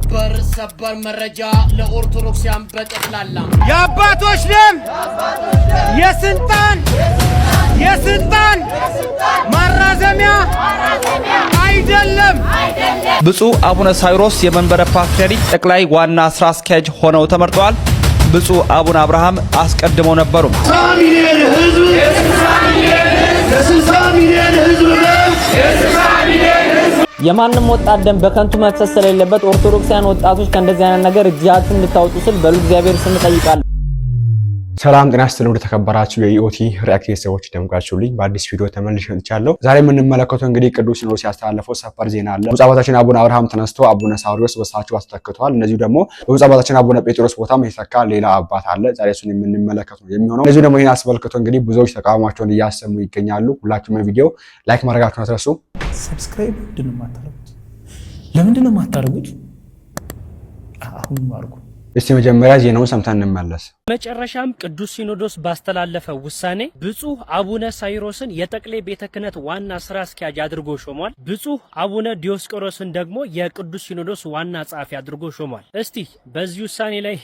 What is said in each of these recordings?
ሰበር ሰበር መረጃ ለኦርቶዶክሲያን በጠቅላላ የአባቶች ደም የስልጣን የስልጣን ማራዘሚያ አይደለም። ብፁዕ አቡነ ሳይሮስ የመንበረ ፓትርያርክ ጠቅላይ ዋና ስራ አስኪያጅ ሆነው ተመርጠዋል። ብፁዕ አቡነ አብርሃም አስቀድመው ነበሩ። የማንም ወጣት ደም በከንቱ መፍሰስ ስለሌለበት ኦርቶዶክሳውያን ወጣቶች ከእንደዚህ አይነት ነገር እጃችሁን እንድታወጡ ስል በሉ እግዚአብሔር ስም እጠይቃለሁ። ሰላም ጤና ስትል ወደ ተከበራችሁ የኢኦቲ ሪአክት ሰዎች ደምቃችሁልኝ በአዲስ ቪዲዮ ተመልሼ መጥቻለሁ። ዛሬ የምንመለከተው እንግዲህ ቅዱስ ሲኖዶስ ያስተላለፈው ሰፈር ዜና አለ። ብፁዕ አባታችን አቡነ አብርሃም ተነስቶ አቡነ ሳዊሮስ በሳቸው አስተክተዋል። እነዚሁ ደግሞ በብፁዕ አባታችን አቡነ ጴጥሮስ ቦታም የተተካ ሌላ አባት አለ። ዛሬ እሱን የምንመለከት ነው የሚሆነው። እነዚሁ ደግሞ ይህን አስመልክቶ እንግዲህ ብዙዎች ተቃውሟቸውን እያሰሙ ይገኛሉ። ሁላችሁም ቪዲዮ ላይክ ማድረጋችሁን አትረሱ። ሰብስክራይብ ምንድን ነው የማታደርጉት? ለምንድን አሁን ማርጉ እስቲ መጀመሪያ ዜናውን ሰምተን እንመለስ። መጨረሻም ቅዱስ ሲኖዶስ ባስተላለፈ ውሳኔ ብፁህ አቡነ ሳይሮስን የጠቅሌ ቤተ ክህነት ዋና ስራ አስኪያጅ አድርጎ ሾሟል። ብፁህ አቡነ ዲዮስቆሮስን ደግሞ የቅዱስ ሲኖዶስ ዋና ጸሐፊ አድርጎ ሾሟል። እስቲ በዚህ ውሳኔ ላይ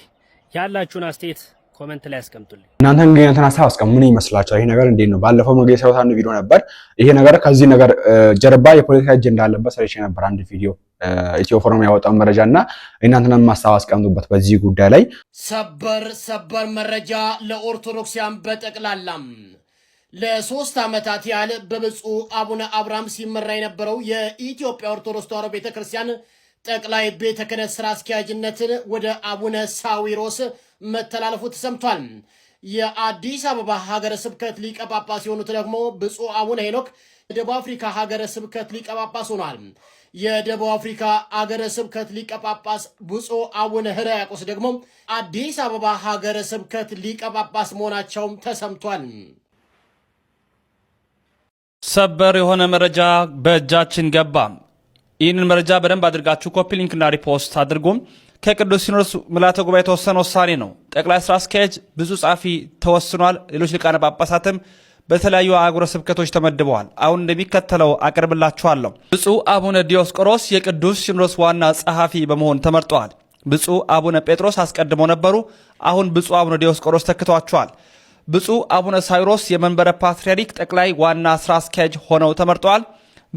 ያላችሁን አስተያየት ኮመንት ላይ አስቀምጡልኝ። እናንተ እንግዲህ ሀሳብ አስቀምጡ። ምን ይመስላችኋል? ይሄ ነገር እንዴት ነው? ባለፈው መግቢያ የሰራሁት አንድ ቪዲዮ ነበር። ይሄ ነገር ከዚህ ነገር ጀርባ የፖለቲካ አጀንዳ አለበት ሰርቼ ነበር አንድ ቪዲዮ ኢትዮ ፎረም ያወጣው መረጃ እና እናንተና ማሳብ አስቀምጡበት። በዚህ ጉዳይ ላይ ሰበር ሰበር መረጃ ለኦርቶዶክሲያን በጠቅላላም ለሶስት ዓመታት ያህል በብፁዕ አቡነ አብርሃም ሲመራ የነበረው የኢትዮጵያ ኦርቶዶክስ ተዋሕዶ ቤተ ክርስቲያን ጠቅላይ ቤተ ክህነት ስራ አስኪያጅነትን ወደ አቡነ ሳዊሮስ መተላለፉ ተሰምቷል። የአዲስ አበባ ሀገረ ስብከት ሊቀ ጳጳስ የሆኑት ደግሞ ብፁዕ አቡነ ሄኖክ የደቡብ አፍሪካ ሀገረ ስብከት ሊቀ ጳጳስ ሆኗል። የደቡብ አፍሪካ ሀገረ ስብከት ሊቀ ጳጳስ ብፁዕ አቡነ ሕርያቆስ ደግሞ አዲስ አበባ ሀገረ ስብከት ሊቀ ጳጳስ መሆናቸውም ተሰምቷል። ሰበር የሆነ መረጃ በእጃችን ገባ። ይህንን መረጃ በደንብ አድርጋችሁ ኮፒ ሊንክና ሪፖስት አድርጉም። ከቅዱስ ሲኖዶስ ምልዓተ ጉባኤ የተወሰነ ውሳኔ ነው። ጠቅላይ ስራ አስኪያጅ ብዙ ጻፊ ተወስኗል። ሌሎች ሊቃነ ጳጳሳትም በተለያዩ አህጉረ ስብከቶች ተመድበዋል። አሁን እንደሚከተለው አቅርብላችኋለሁ። ብፁዕ አቡነ ዲዮስቆሮስ የቅዱስ ሲኖዶስ ዋና ጸሐፊ በመሆን ተመርጠዋል። ብፁዕ አቡነ ጴጥሮስ አስቀድመው ነበሩ። አሁን ብፁዕ አቡነ ዲዮስቆሮስ ተክተዋቸዋል። ብፁዕ አቡነ ሳይሮስ የመንበረ ፓትርያርክ ጠቅላይ ዋና ስራ አስኪያጅ ሆነው ተመርጠዋል።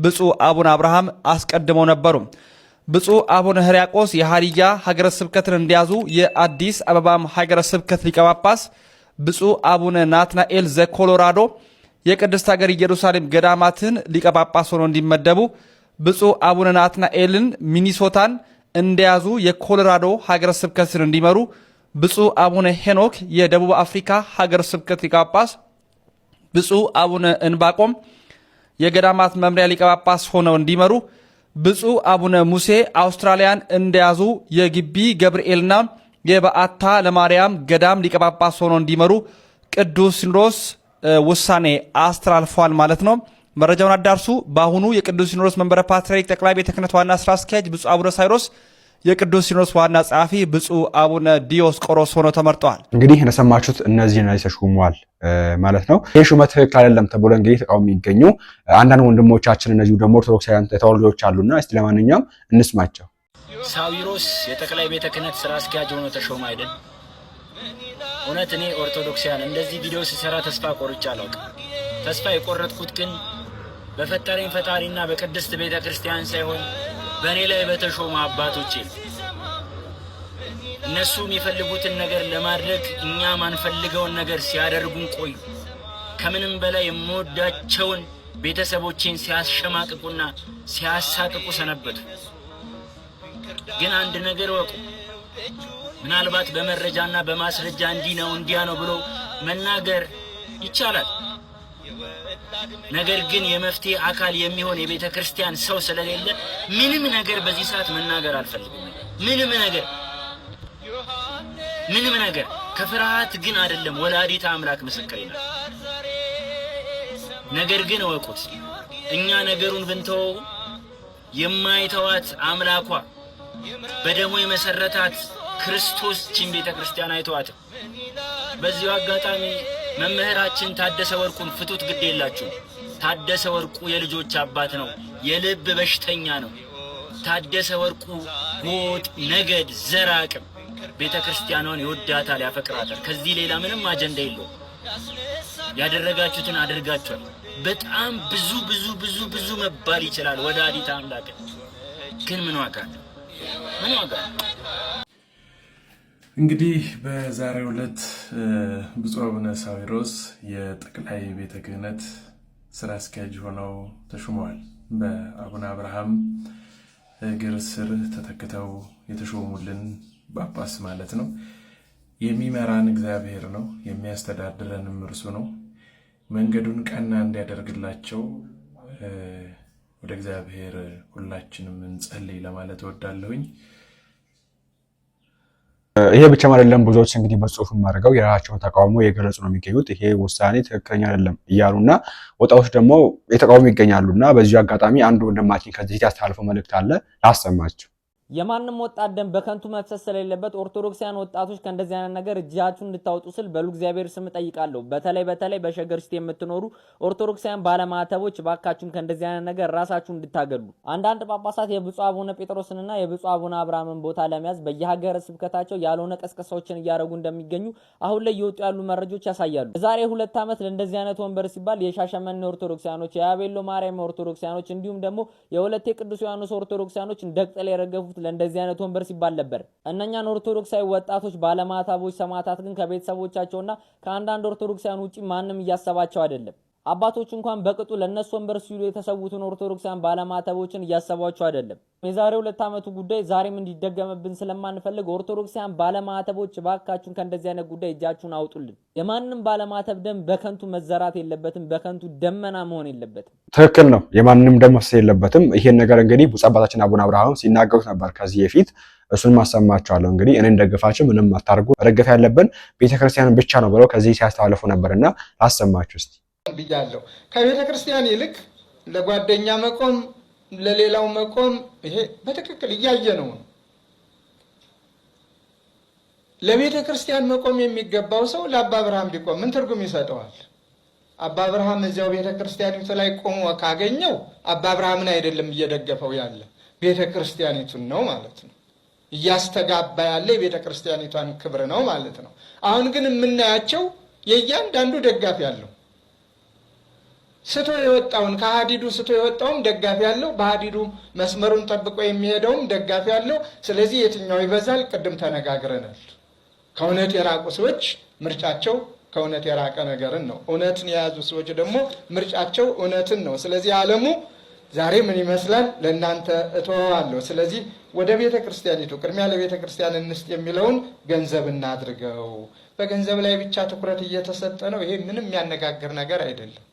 ብፁዕ አቡነ አብርሃም አስቀድመው ነበሩ። ብፁዕ አቡነ ሕርያቆስ የሀዲያ ሀገረ ስብከትን እንዲያዙ የአዲስ አበባም ሀገረ ስብከት ሊቀ ጳጳስ ብፁዕ አቡነ ናትናኤል ዘኮሎራዶ የቅድስት ሀገር ኢየሩሳሌም ገዳማትን ሊቀ ጳጳስ ሆነው እንዲመደቡ ብፁዕ አቡነ ናትናኤልን ሚኒሶታን እንደያዙ የኮሎራዶ ሀገረ ስብከትን እንዲመሩ ብፁዕ አቡነ ሄኖክ የደቡብ አፍሪካ ሀገረ ስብከት ሊቀ ጳጳስ ብፁዕ አቡነ እንባቆም የገዳማት መምሪያ ሊቀ ጳጳስ ሆነው እንዲመሩ ብፁዕ አቡነ ሙሴ አውስትራሊያን እንደያዙ የግቢ ገብርኤልና የበዓታ ለማርያም ገዳም ሊቀጳጳስ ሆኖ እንዲመሩ ቅዱስ ሲኖዶስ ውሳኔ አስተላልፏል ማለት ነው። መረጃውን አዳርሱ። በአሁኑ የቅዱስ ሲኖዶስ መንበረ ፓትርያርክ ጠቅላይ ቤተ ክህነት ዋና ስራ አስኪያጅ ብፁዕ አቡነ ሳይሮስ የቅዱስ ሲኖዶስ ዋና ጸሐፊ ብፁዕ አቡነ ዲዮስቆሮስ ሆነው ተመርጠዋል። እንግዲህ እንደሰማችሁት እነዚህ ነ ተሹመዋል ማለት ነው። ይህ ሹመት ትክክል አይደለም ተብሎ እንግዲህ ተቃውሞ የሚገኙ አንዳንድ ወንድሞቻችን እነዚሁ ደግሞ ኦርቶዶክሳውያን ተወላጆች አሉና እስቲ ለማንኛውም እንስማቸው። ሳዊሮስ የጠቅላይ ቤተ ክህነት ስራ አስኪያጅ ሆኖ ተሾመ አይደል? እውነት እኔ ኦርቶዶክሳውያን እንደዚህ ቪዲዮ ስሰራ ተስፋ ቆርጬ አላውቅም። ተስፋ የቆረጥኩት ግን በፈጠረኝ ፈጣሪና በቅድስት ቤተ ክርስቲያን ሳይሆን በእኔ ላይ በተሾሙ አባቶቼ እነሱ የሚፈልጉትን ነገር ለማድረግ እኛ ማንፈልገውን ነገር ሲያደርጉን ቆዩ። ከምንም በላይ የምወዳቸውን ቤተሰቦቼን ሲያሸማቅቁና ሲያሳቅቁ ሰነበቱ። ግን አንድ ነገር ወቁ። ምናልባት በመረጃና በማስረጃ እንዲህ ነው እንዲያ ነው ብሎ መናገር ይቻላል። ነገር ግን የመፍትሄ አካል የሚሆን የቤተ ክርስቲያን ሰው ስለሌለ ምንም ነገር በዚህ ሰዓት መናገር አልፈልግም። ምንም ነገር ምንም ነገር ከፍርሃት ግን አይደለም። ወላዲተ አምላክ ምስክር ነው። ነገር ግን እወቁት፣ እኛ ነገሩን ብንተው የማይተዋት አምላኳ በደሙ የመሰረታት ክርስቶስ ችን ቤተ ክርስቲያን አይተዋትም። በዚሁ አጋጣሚ መምህራችን ታደሰ ወርቁን ፍቱት፣ ግድ የላችሁ። ታደሰ ወርቁ የልጆች አባት ነው። የልብ በሽተኛ ነው። ታደሰ ወርቁ ጎጥ፣ ነገድ፣ ዘር አቅም ቤተ ክርስቲያኗን ይወዳታል፣ ያፈቅራታል። ከዚህ ሌላ ምንም አጀንዳ የለው ያደረጋችሁትን አድርጋችኋል። በጣም ብዙ ብዙ ብዙ ብዙ መባል ይችላል። ወደ አዲት አምላክ ግን ምን ዋጋ ምን ዋጋ እንግዲህ በዛሬው ዕለት ብፁዕ አቡነ ሳዊሮስ የጠቅላይ ቤተ ክህነት ስራ አስኪያጅ ሆነው ተሹመዋል። በአቡነ አብርሃም እግር ስር ተተክተው የተሾሙልን ጳጳስ ማለት ነው። የሚመራን እግዚአብሔር ነው፣ የሚያስተዳድረንም እርሱ ነው። መንገዱን ቀና እንዲያደርግላቸው ወደ እግዚአብሔር ሁላችንም እንጸልይ ለማለት እወዳለሁኝ። ይሄ ብቻ አይደለም። ብዙዎች እንግዲህ በጽሁፍ አድርገው የራሳቸውን ተቃውሞ የገለጹ ነው የሚገኙት። ይሄ ውሳኔ ትክክለኛ አይደለም እያሉ እና ወጣቶች ደግሞ የተቃውሞ ይገኛሉ እና በዚሁ አጋጣሚ አንድ ወንድማችን ከዚህ ያስተላልፈው መልእክት አለ ላሰማቸው የማንም ወጣት ደም በከንቱ መፍሰስ ስለሌለበት ኦርቶዶክሳውያን ወጣቶች ከእንደዚህ አይነት ነገር እጃቸው እንድታወጡ ስል በሉ እግዚአብሔር ስም እጠይቃለሁ። በተለይ በተለይ በሸገር ሲቲ የምትኖሩ ኦርቶዶክሳውያን ባለማተቦች ባካችሁን ከእንደዚህ አይነት ነገር ራሳችሁ እንድታገሉ። አንዳንድ ጳጳሳት የብፁዕ አቡነ ጴጥሮስንና የብፁዕ አቡነ አብርሃምን ቦታ ለመያዝ በየሀገረ ስብከታቸው ያልሆነ ቀስቀሳዎችን እያደረጉ እንደሚገኙ አሁን ላይ እየወጡ ያሉ መረጃዎች ያሳያሉ። ዛሬ ሁለት ዓመት ለእንደዚህ አይነት ወንበር ሲባል የሻሸመኔ ኦርቶዶክሳውያኖች፣ የአቤሎ ማርያም ኦርቶዶክሳውያኖች እንዲሁም ደግሞ የሁለቴ ቅዱስ ዮሐንስ ኦርቶዶክሳውያኖች እንደ ቅጠል የረገፉት ለእንደዚህ አይነት ወንበር ሲባል ነበር። እነኛን ኦርቶዶክሳዊ ወጣቶች ባለማታቦች ሰማዕታት ግን ከቤተሰቦቻቸውና ከአንዳንድ ኦርቶዶክሳውያን ውጪ ማንም እያሰባቸው አይደለም። አባቶች እንኳን በቅጡ ለነሱ ወንበር ሲሉ የተሰዉትን ኦርቶዶክሳን ባለማተቦችን እያሰቧቸው አይደለም። የዛሬ ሁለት ዓመቱ ጉዳይ ዛሬም እንዲደገምብን ስለማንፈልግ ኦርቶዶክሳን ባለማተቦች ባካችሁን ከእንደዚህ አይነት ጉዳይ እጃችሁን አውጡልን። የማንም ባለማተብ ደም በከንቱ መዘራት የለበትም፣ በከንቱ ደመና መሆን የለበትም። ትክክል ነው። የማንም ደም መፍሰስ የለበትም። ይሄን ነገር እንግዲህ ብፁዕ አባታችን አቡነ አብርሃም ሲናገሩት ነበር ከዚህ የፊት እሱን ማሰማቸዋለሁ እንግዲህ እኔን ደግፋችሁ ምንም አታርጉ፣ መደገፍ ያለብን ቤተክርስቲያን ብቻ ነው ብለው ከዚህ ሲያስተላልፉ ነበርና አሰማችሁ እስቲ ብያለሁ። ከቤተ ክርስቲያን ይልቅ ለጓደኛ መቆም፣ ለሌላው መቆም ይሄ በትክክል እያየ ነው ነው ለቤተ ክርስቲያን መቆም የሚገባው ሰው ለአባ ብርሃም ቢቆም ምን ትርጉም ይሰጠዋል? አባ ብርሃም እዚያው ቤተ ክርስቲያኒቱ ላይ ቆሞ ካገኘው አባ ብርሃምን አይደለም እየደገፈው ያለ ቤተ ክርስቲያኒቱን ነው ማለት ነው። እያስተጋባ ያለ የቤተ ክርስቲያኒቷን ክብር ነው ማለት ነው። አሁን ግን የምናያቸው የእያንዳንዱ ደጋፊ ያለው ስቶ የወጣውን ከሀዲዱ ስቶ የወጣውም ደጋፊ አለው። በሀዲዱ መስመሩን ጠብቆ የሚሄደውም ደጋፊ አለው። ስለዚህ የትኛው ይበዛል? ቅድም ተነጋግረናል። ከእውነት የራቁ ሰዎች ምርጫቸው ከእውነት የራቀ ነገርን ነው። እውነትን የያዙ ሰዎች ደግሞ ምርጫቸው እውነትን ነው። ስለዚህ ዓለሙ ዛሬ ምን ይመስላል? ለእናንተ እተወዋለሁ። ስለዚህ ወደ ቤተ ክርስቲያኒቱ ቅድሚያ ለቤተ ክርስቲያን እንስጥ የሚለውን ገንዘብ እናድርገው። በገንዘብ ላይ ብቻ ትኩረት እየተሰጠ ነው። ይሄ ምንም የሚያነጋግር ነገር አይደለም።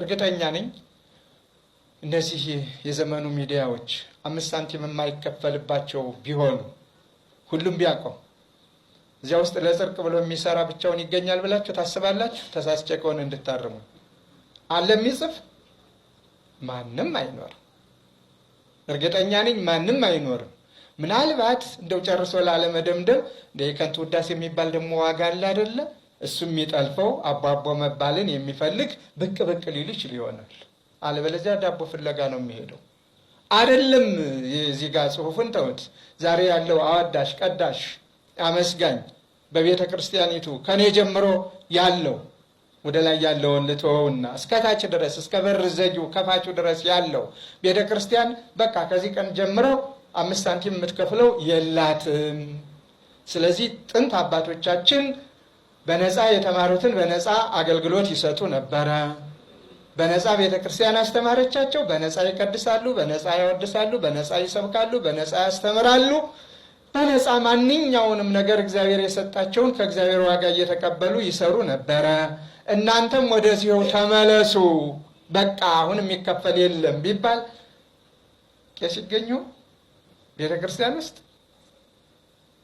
እርግጠኛ ነኝ እነዚህ የዘመኑ ሚዲያዎች አምስት ሳንቲም የማይከፈልባቸው ቢሆኑ ሁሉም ቢያውቀው እዚያ ውስጥ ለጽርቅ ብሎ የሚሰራ ብቻውን ይገኛል ብላችሁ ታስባላችሁ? ተሳስቼ ከሆነ እንድታርሙ አለ የሚጽፍ ማንም አይኖርም። እርግጠኛ ነኝ ማንም አይኖርም። ምናልባት እንደው ጨርሶ ላለመደምደም ከንቱ ውዳሴ የሚባል ደግሞ ዋጋ አለ አይደለ? እሱም የሚጠልፈው አባቦ መባልን የሚፈልግ ብቅ ብቅ ሊል ይችል ይሆናል። አለበለዚያ ዳቦ ፍለጋ ነው የሚሄደው። አይደለም የዚህ ጋር ጽሑፉን ተውት። ዛሬ ያለው አዋዳሽ፣ ቀዳሽ፣ አመስጋኝ በቤተ ክርስቲያኒቱ ከኔ ጀምሮ ያለው ወደ ላይ ያለውን ልትወውና እስከታች ድረስ እስከ በር ዘጊው ከፋቹ ድረስ ያለው ቤተ ክርስቲያን በቃ ከዚህ ቀን ጀምሮ አምስት ሳንቲም የምትከፍለው የላትም። ስለዚህ ጥንት አባቶቻችን በነፃ የተማሩትን በነፃ አገልግሎት ይሰጡ ነበረ። በነፃ ቤተ ክርስቲያን አስተማረቻቸው። በነፃ ይቀድሳሉ፣ በነፃ ያወድሳሉ፣ በነፃ ይሰብካሉ፣ በነፃ ያስተምራሉ። በነፃ ማንኛውንም ነገር እግዚአብሔር የሰጣቸውን ከእግዚአብሔር ዋጋ እየተቀበሉ ይሰሩ ነበረ። እናንተም ወደዚሁ ተመለሱ፣ በቃ አሁን የሚከፈል የለም ቢባል ቄስ ይገኙ ቤተ ክርስቲያን ውስጥ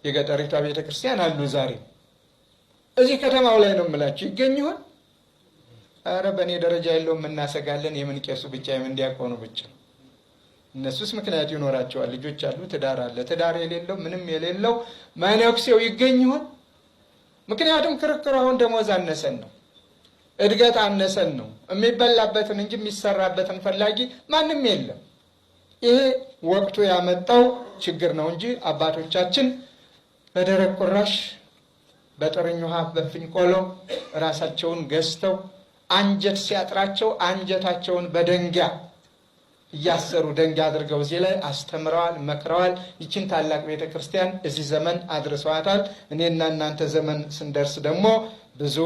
የገጠሪቷ ቤተ ክርስቲያን አሉ ዛሬ እዚህ ከተማው ላይ ነው የምላችሁ። ይገኝ ይሆን? አረ በእኔ ደረጃ የለውም እናሰጋለን። የምን ቄሱ ብቻ የምን ዲያቆኑ ብቻ። እነሱስ ምክንያት ይኖራቸዋል። ልጆች አሉ፣ ትዳር አለ። ትዳር የሌለው ምንም የሌለው መነኩሴው ይገኝ ይሆን? ምክንያቱም ክርክሩ አሁን ደሞዝ አነሰን ነው እድገት አነሰን ነው። የሚበላበትን እንጂ የሚሰራበትን ፈላጊ ማንም የለም። ይሄ ወቅቱ ያመጣው ችግር ነው እንጂ አባቶቻችን በደረቅ ቁራሽ በጥርኝ ውሃ ቆሎ ራሳቸውን ገዝተው አንጀት ሲያጥራቸው አንጀታቸውን በደንጊያ እያሰሩ ደንጊያ አድርገው እዚህ ላይ አስተምረዋል፣ መክረዋል። ይችን ታላቅ ቤተ ክርስቲያን እዚህ ዘመን አድርሰዋታል። እኔና እናንተ ዘመን ስንደርስ ደግሞ ብዙ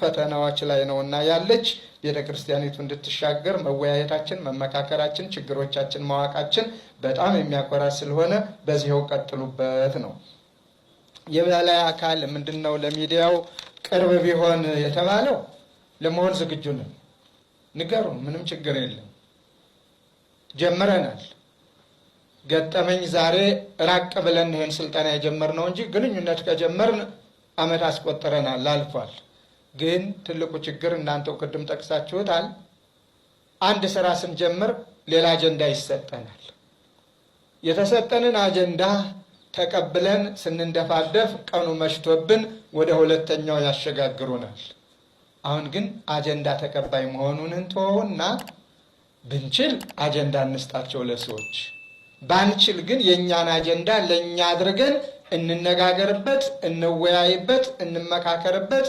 ፈተናዎች ላይ ነው እና ያለች ቤተ ክርስቲያኒቱ እንድትሻገር መወያየታችን፣ መመካከራችን፣ ችግሮቻችን ማዋቃችን በጣም የሚያኮራ ስለሆነ በዚህው ቀጥሉበት ነው። የበላይ አካል ምንድን ነው ለሚዲያው ቅርብ ቢሆን የተባለው ለመሆን ዝግጁ ነን። ንገሩ፣ ምንም ችግር የለም። ጀምረናል። ገጠመኝ ዛሬ ራቅ ብለን ይህን ስልጠና የጀመርነው እንጂ ግንኙነት ከጀመርን ዓመት አስቆጥረናል፣ አልፏል። ግን ትልቁ ችግር እናንተው ቅድም ጠቅሳችሁታል። አንድ ስራ ስንጀምር ሌላ አጀንዳ ይሰጠናል። የተሰጠንን አጀንዳ ተቀብለን ስንንደፋደፍ ቀኑ መሽቶብን ወደ ሁለተኛው ያሸጋግሩናል። አሁን ግን አጀንዳ ተቀባይ መሆኑን እንትሆና ብንችል አጀንዳ እንስጣቸው ለሰዎች፣ ባንችል ግን የእኛን አጀንዳ ለእኛ አድርገን እንነጋገርበት፣ እንወያይበት፣ እንመካከርበት፣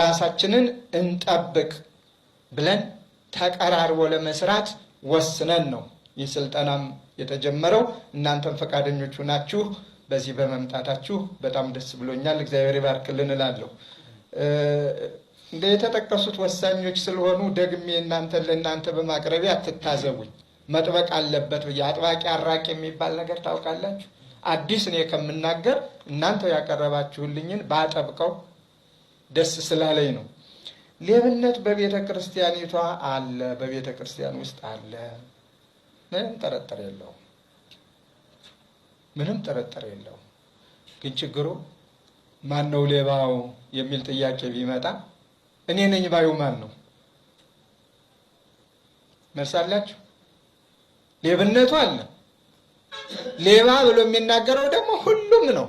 ራሳችንን እንጠብቅ ብለን ተቀራርቦ ለመስራት ወስነን ነው ይህ ስልጠናም የተጀመረው። እናንተም ፈቃደኞቹ ናችሁ። በዚህ በመምጣታችሁ በጣም ደስ ብሎኛል። እግዚአብሔር ይባርክልን እላለሁ። እንደ የተጠቀሱት ወሳኞች ስለሆኑ ደግሜ እናንተን ለእናንተ በማቅረቢ አትታዘቡኝ። መጥበቅ አለበት ብዬ አጥባቂ አራቂ የሚባል ነገር ታውቃላችሁ። አዲስ እኔ ከምናገር እናንተ ያቀረባችሁልኝን ባጠብቀው ደስ ስላለኝ ነው። ሌብነት በቤተ ክርስቲያኒቷ አለ፣ በቤተ ክርስቲያን ውስጥ አለ። ምንም ጠረጠር የለውም። ምንም ጥርጥር የለውም። ግን ችግሩ ማን ነው ሌባው የሚል ጥያቄ ቢመጣ እኔ ነኝ ባዩ ማን ነው? መልስ አላችሁ? ሌብነቱ አለ። ሌባ ብሎ የሚናገረው ደግሞ ሁሉም ነው።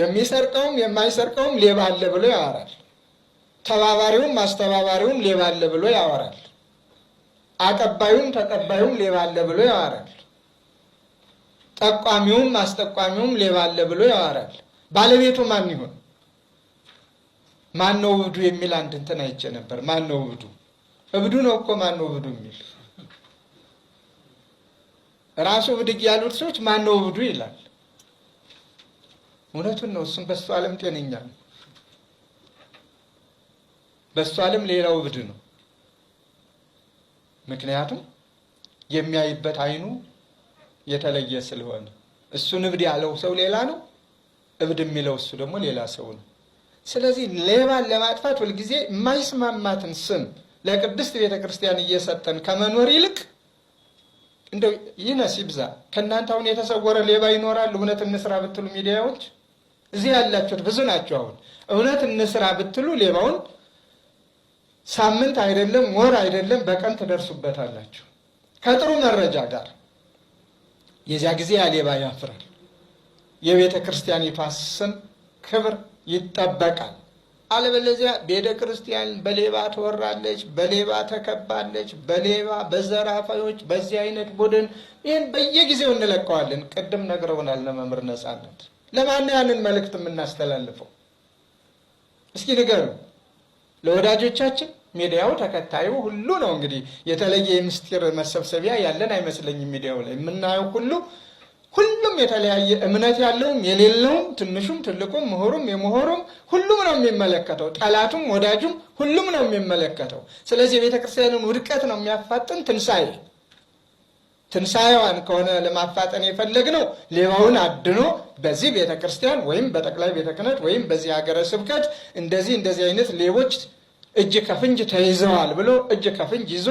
የሚሰርቀውም የማይሰርቀውም ሌባ አለ ብሎ ያወራል። ተባባሪውም አስተባባሪውም ሌባ አለ ብሎ ያወራል። አቀባዩም ተቀባዩም ሌባ አለ ብሎ ያወራል። ጠቋሚውም አስጠቋሚውም ሌባ አለ ብሎ ያወራል። ባለቤቱ ማን ይሆን? ማን ነው እብዱ የሚል አንድ እንትን አይቼ ነበር። ማን ነው እብዱ? እብዱ ነው እኮ ማን ነው እብዱ የሚል ራሱ እብድግ ያሉት ሰዎች ማን ነው እብዱ ይላል። እውነቱን ነው። እሱም በሱ ዓለም ጤነኛ ነው። በሱ ዓለም ሌላው እብድ ነው። ምክንያቱም የሚያይበት አይኑ የተለየ ስለሆነ እሱን እብድ ያለው ሰው ሌላ ነው፣ እብድ የሚለው እሱ ደግሞ ሌላ ሰው ነው። ስለዚህ ሌባን ለማጥፋት ሁልጊዜ የማይስማማትን ስም ለቅድስት ቤተ ክርስቲያን እየሰጠን ከመኖር ይልቅ እንደው ይነስ ይብዛ። ከእናንተ አሁን የተሰወረ ሌባ ይኖራል? እውነት እንስራ ብትሉ ሚዲያዎች እዚህ ያላችሁት ብዙ ናቸው። አሁን እውነት እንስራ ብትሉ ሌባውን ሳምንት አይደለም ወር አይደለም በቀን ትደርሱበታላችሁ ከጥሩ መረጃ ጋር የዚያ ጊዜ አሌባ ያፍራል። የቤተ ክርስቲያን ስም ክብር ይጠበቃል። አለበለዚያ ቤተ ክርስቲያን በሌባ ተወራለች በሌባ ተከባለች፣ በሌባ በዘራፋዎች በዚህ አይነት ቡድን ይህን በየጊዜው እንለቀዋለን። ቅድም ነግረውናል ለመምህር ነጻነት ለማን ያንን መልእክት የምናስተላልፈው እስኪ ንገሩ ለወዳጆቻችን ሚዲያው ተከታዩ ሁሉ ነው። እንግዲህ የተለየ የምስጢር መሰብሰቢያ ያለን አይመስለኝም። ሚዲያው ላይ የምናየው ሁሉ ሁሉም የተለያየ እምነት ያለውም የሌለውም፣ ትንሹም ትልቁም፣ ምሁሩም የምሁሩም ሁሉም ነው የሚመለከተው። ጠላቱም ወዳጁም ሁሉም ነው የሚመለከተው። ስለዚህ የቤተክርስቲያንን ውድቀት ነው የሚያፋጥን ትንሣኤ ትንሣኤዋን ከሆነ ለማፋጠን የፈለግነው ሌባውን አድኖ በዚህ ቤተክርስቲያን ወይም በጠቅላይ ቤተ ክህነት ወይም በዚህ ሀገረ ስብከት እንደዚህ እንደዚህ አይነት ሌቦች እጅ ከፍንጅ ተይዘዋል ብሎ እጅ ከፍንጅ ይዞ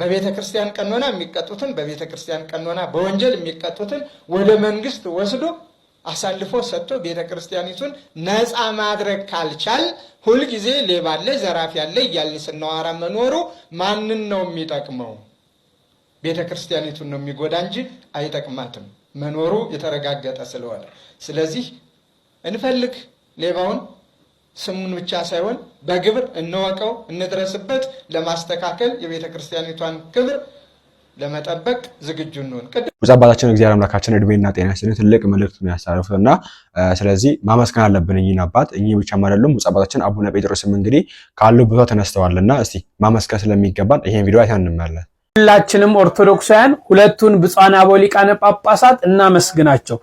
በቤተ ክርስቲያን ቀኖና የሚቀጡትን በቤተ ክርስቲያን ቀኖና በወንጀል የሚቀጡትን ወደ መንግስት ወስዶ አሳልፎ ሰጥቶ ቤተ ክርስቲያኒቱን ነፃ ማድረግ ካልቻል ሁልጊዜ ሌባ አለ፣ ዘራፊ አለ እያልን ስናዋራ መኖሩ ማንን ነው የሚጠቅመው? ቤተ ክርስቲያኒቱን ነው የሚጎዳ እንጂ አይጠቅማትም መኖሩ የተረጋገጠ ስለሆነ። ስለዚህ እንፈልግ ሌባውን ስሙን ብቻ ሳይሆን በግብር እንወቀው፣ እንድረስበት ለማስተካከል የቤተ ክርስቲያኒቷን ክብር ለመጠበቅ ዝግጁ እንሆን። ብፁዕ አባታችን እግዚአብሔር አምላካችን እድሜና ጤና ስነ ትልቅ መልእክት ነው ያሳረፉት እና ስለዚህ ማመስገን አለብን እኚህን አባት። እኚህ ብቻ አይደሉም ብፁዕ አባታችን አቡነ ጴጥሮስም እንግዲህ ካሉ ቦታ ተነስተዋል እና እስቲ ማመስገን ስለሚገባን ይሄን ቪዲዮ አይተን እንመለን። ሁላችንም ኦርቶዶክሳውያን ሁለቱን ብፁዓን አበው ሊቃነ ጳጳሳት እናመስግናቸው።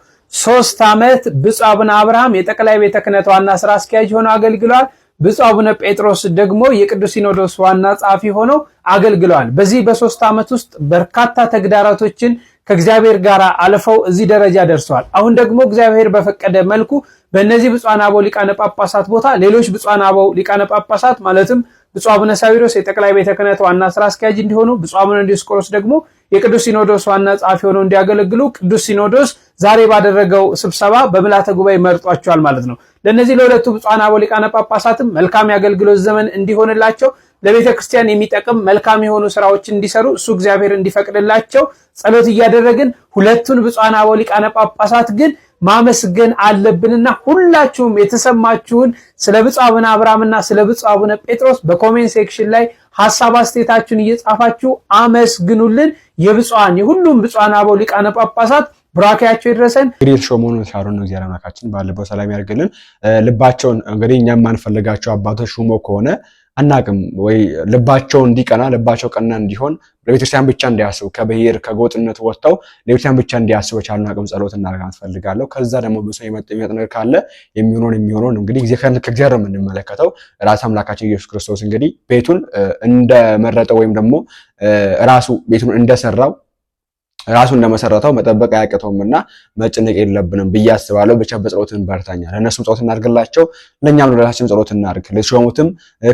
ሶስት ዓመት ብፁዕ አቡነ አብርሃም የጠቅላይ ቤተ ክህነት ዋና ስራ አስኪያጅ ሆነው አገልግለዋል። ብፁዕ አቡነ ጴጥሮስ ደግሞ የቅዱስ ሲኖዶስ ዋና ጸሐፊ ሆነው አገልግለዋል። በዚህ በሶስት ዓመት ውስጥ በርካታ ተግዳራቶችን ከእግዚአብሔር ጋር አልፈው እዚህ ደረጃ ደርሰዋል። አሁን ደግሞ እግዚአብሔር በፈቀደ መልኩ በእነዚህ ብፁዓን አበው ሊቃነ ጳጳሳት ቦታ ሌሎች ብፁዓን አበው ሊቃነ ጳጳሳት ማለትም ብፁዕ አቡነ ሳዊሮስ የጠቅላይ ቤተ ክህነት ዋና ስራ አስኪያጅ እንዲሆኑ፣ ብፁዕ አቡነ ዲዮስቆሮስ ደግሞ የቅዱስ ሲኖዶስ ዋና ጸሐፊ ሆነው እንዲያገለግሉ ቅዱስ ሲኖዶስ ዛሬ ባደረገው ስብሰባ በምልዓተ ጉባኤ መርጧቸዋል ማለት ነው። ለእነዚህ ለሁለቱ ብፁዓን አበው ሊቃነ ጳጳሳትም መልካም የአገልግሎት ዘመን እንዲሆንላቸው ለቤተ ክርስቲያን የሚጠቅም መልካም የሆኑ ስራዎችን እንዲሰሩ እሱ እግዚአብሔር እንዲፈቅድላቸው ጸሎት እያደረግን ሁለቱን ብፁዓን አበው ሊቃነ ጳጳሳት ግን ማመስገን አለብንና ሁላችሁም የተሰማችሁን ስለ ብፁዕ አቡነ አብርሃምና ስለ ብፁዕ አቡነ ጴጥሮስ በኮሜንት ሴክሽን ላይ ሀሳብ አስተያየታችሁን እየጻፋችሁ አመስግኑልን። የብፁዓን የሁሉም ብፁዓን አበው ሊቃነ ጳጳሳት ብራኪያቸው ይድረሰን። እንግዲህ የተሾ መሆኑን ሳሩን ነው እግዚአብሔር አምላካችን ባለበት ሰላም ያርግልን። ልባቸውን እንግዲህ እኛ የማንፈልጋቸው አባቶች ሹሞ ከሆነ አናቅም ወይ ልባቸው እንዲቀና ልባቸው ቀና እንዲሆን ለቤተክርስቲያን ብቻ እንዲያስቡ ከብሔር ከጎጥነት ወጥተው ለቤተክርስቲያን ብቻ እንዲያስቡ የቻሉን አቅም ጸሎት እናደርጋ ትፈልጋለሁ። ከዛ ደግሞ ብሶ የመጥ ነገር ካለ የሚሆነውን የሚሆነውን እንግዲህ ከእግዚአብሔር የምንመለከተው። ራስ አምላካችን ኢየሱስ ክርስቶስ እንግዲህ ቤቱን እንደመረጠው ወይም ደግሞ ራሱ ቤቱን እንደሰራው ራሱ እንደመሰረተው መጠበቅ አያቅተውም እና መጭነቅ የለብንም ብዬ አስባለሁ። ብቻ በጸሎት እንበርታኛ። ለእነሱም ጸሎት እናድርግላቸው፣ ለእኛም ለራሳችን ጸሎት እናድርግ። ለተሾሙትም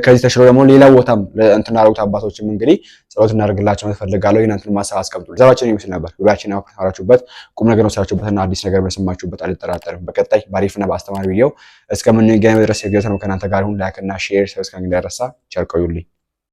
ከዚህ ተሽሎ ደግሞ ሌላ ቦታም እንትን አደረጉት አባቶችም እንግዲህ ጸሎት እናድርግላቸው እፈልጋለሁ። ይህን እንትን ማሰብ አስቀምጡ። ዘባችን የሚመስል ነበር ጉዳያችን ያወራችሁበት ቁም ነገር ወሰዳችሁበት እና አዲስ ነገር በሰማችሁበት አልጠራጠርም። በቀጣይ በአሪፍና በአስተማሪ ቪዲዮ እስከምንገናኝ ድረስ የገዘነው ከእናንተ ጋር ሁን። ላይክና ሼር ሰብስክራይብ እንዳይረሳ። ቸር ቆዩልኝ።